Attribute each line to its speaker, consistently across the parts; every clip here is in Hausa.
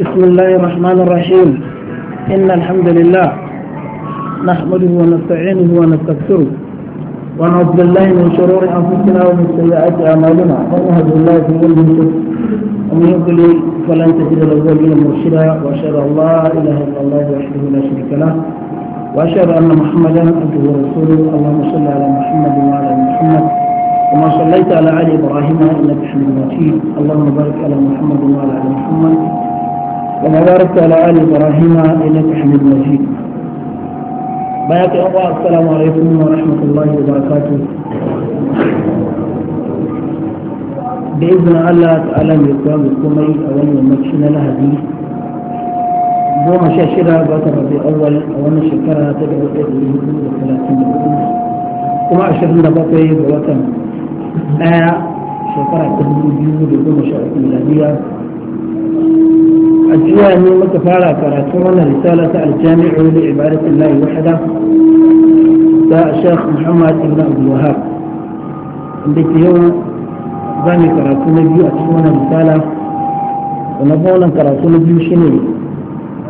Speaker 1: بسم الله الرحمن الرحيم إن الحمد لله نحمده ونستعينه ونستغفره ونعوذ بالله من شرور أنفسنا ومن سيئات أعمالنا من يهد الله كل المهتد ومن يضلل فلن تجد له وليا مرشدا وأشهد أن لا إله إلا الله وحده لا شريك له وأشهد أن محمدا عبده ورسوله اللهم صل على محمد وعلى آل محمد كما صليت على آل إبراهيم إنك حميد مجيد اللهم بارك على محمد وعلى آل محمد وبارك على آل إبراهيم إنك حميد مجيد بيات الله السلام عليكم ورحمة الله وبركاته بإذن الله تعالى من بكم أي أول ومكشنا لها دي دوما شاشرة باتر ربي أول أول شكرا تدعو إذنه كل ثلاثين وكما كما أشرنا باتر في ما شكرا تدعو بيوه دوما شاشرة ميلادية أجياء من مكفارة كراتون رسالة الجامع لعبادة الله وحده الشيخ محمد بن عبد الوهاب عندك يوم زاني كراتون بيو أتفونا رسالة ونبونا كراتون بيو شنو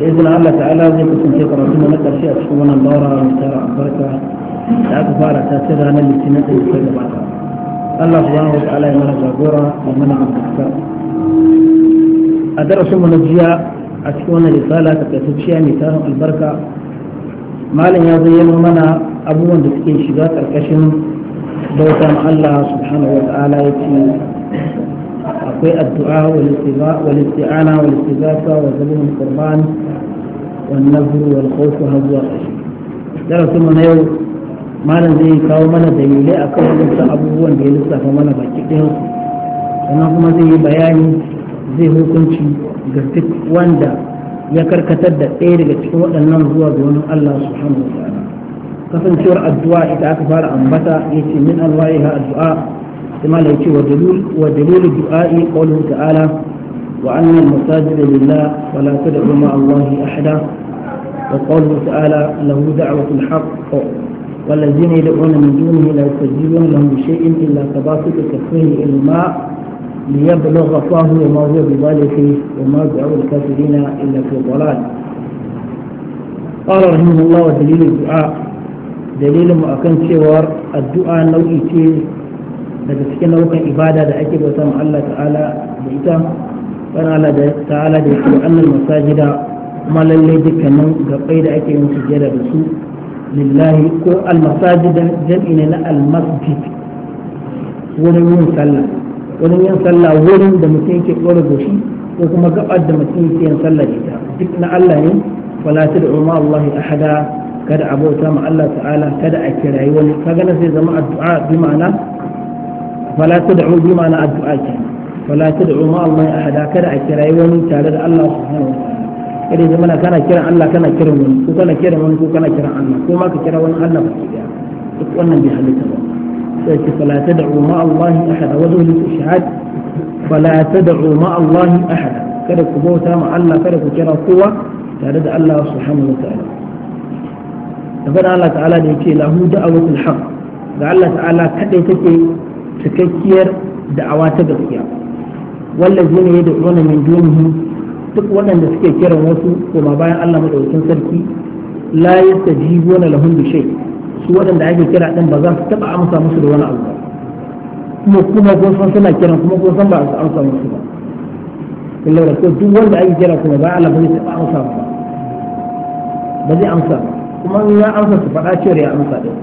Speaker 1: بإذن الله تعالى زي كنت في كراتون لك شيء أتفونا الدورة رسالة البركة لا كفارة تاتيرها نبي سنة الله سبحانه وتعالى يمنع جابورا ومنع عبد a darasin mu na jiya a cikin wannan risala ta kaitacciya mai tarin albarka malam ya zayyano mana abubuwan da suke shiga karkashin bauta ma Allah subhanahu wa ta'ala ya ce akwai addu'a wal isti'ana wal istighatha wa zalumul qurban wan nazr wal khawf wa hazwa darasin mu na yau malam zai kawo mana dalilai akan wannan abubuwan da ya lissafa mana baki ɗaya sannan kuma zai yi bayani zai hukunci ga duk wanda ya karkatar da ɗaya daga cikin waɗannan zuwa ga wani Allah subhanahu wa ta'ala kasancewar addu'a ita aka fara ambata ya ce min alwaye ha addu'a kuma la yace wa dalil wa dalil du'a'i qawluhu ta'ala wa anna al da lilla wa la tad'u ma'a Allah ahada wa qawluhu ta'ala lahu da'watul haqq والذين يدعون من دونه لا يستجيبون لهم بشيء الا كباسط ka الى ilma ليبلغ الله وما هو بذلك وما دعوا الكافرين إلا في الضلال قال رحمه الله دليل الدعاء دليل ما أكن شوار الدعاء نوعي شيء لكن كان نوعك إبادة دعاكي بسام الله تعالى بإتا فأنا الله تعالى دعاكي أن المساجد ما للي دك نوع قيد أكي ينسجد بسوء لله المساجد جمعنا المسجد ونوع سلم wurin yin sallah wurin da mutum ke ɗora goshi ko kuma gabar da mutum ke yin sallah ita duk na Allah ne wala tad'u umar Allah hada kada a bauta ma Allah ta'ala kada a kirayi wani kaga na sai zama addu'a bi ma'ana wala tad'u bi ma'ana addu'a ke wala tad'u umar Allah hada kada a kirayi wani tare da Allah subhanahu wa ta'ala kada zama kana kiran Allah kana kiran wani ko kana kiran wani ko kana kiran Allah ko ma ka kira wani Allah ba ki duk wannan bai halitta ba لكن فلا تدعوا مع الله أحدا وجه الاستشهاد فلا تدعوا مع الله kada ku bauta ma kada ku kira kowa tare da Allah subhanahu wa ta'ala ta'ala da yake a da'awatul haq ga Allah ta'ala kadai take cikakkiyar da'awa ta gaskiya wallazina yad'una duk waɗanda suke kiran wasu kuma bayan Allah madaukakin sarki la yastajibuna lahum bi shay' su waɗanda ake kira ɗin ba za su taɓa amsa musu da wani abu kuma kuma ko san suna kiran kuma ko san ba su amsa musu ba kullum da duk wanda ake kira kuma ba Allah ba zai taɓa amsa ba ba zai amsa kuma in ya amsa su faɗa cewa ya amsa ɗin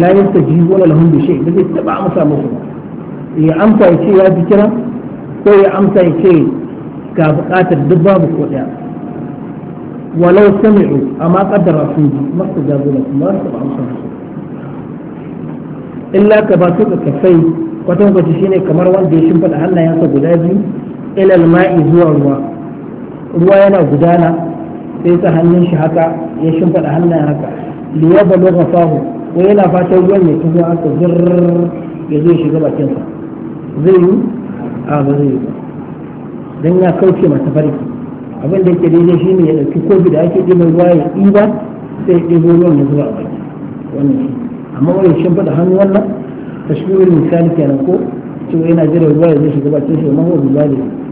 Speaker 1: la yastajibu lahum bi shay ba zai taɓa amsa musu ba ya amsa ya ce ya ji kira ko ya amsa ya ce ga buƙatar duk babu ko ɗaya walau sami'u amma kaddara sun ji masu jagora kuma su taɓa amsa musu illa ka ba su ka kafai kwatankwaci shine kamar wanda ya shimfiɗa hannayensa guda biyu ilal ma'i zuwa ruwa ruwa yana gudana sai sa hannun shi haka ya shimfiɗa hannayen haka liya ba lokacin fahu ko yana fatan ruwan ya tuhu haka zirrrr ya zo shiga bakinsa zai yi a ba zai yi ba don ya kauce mata farki abin da ke daidai shi ne ya ɗauki kofi da ake ɗiba ruwa ya ɗiba sai ya ruwan ya zuba a baki wannan shi amma wani shin faɗa hannu wannan tashmirin misali kenan ko cewa yana jira ruwa ya zai shiga bakin shi amma wani ne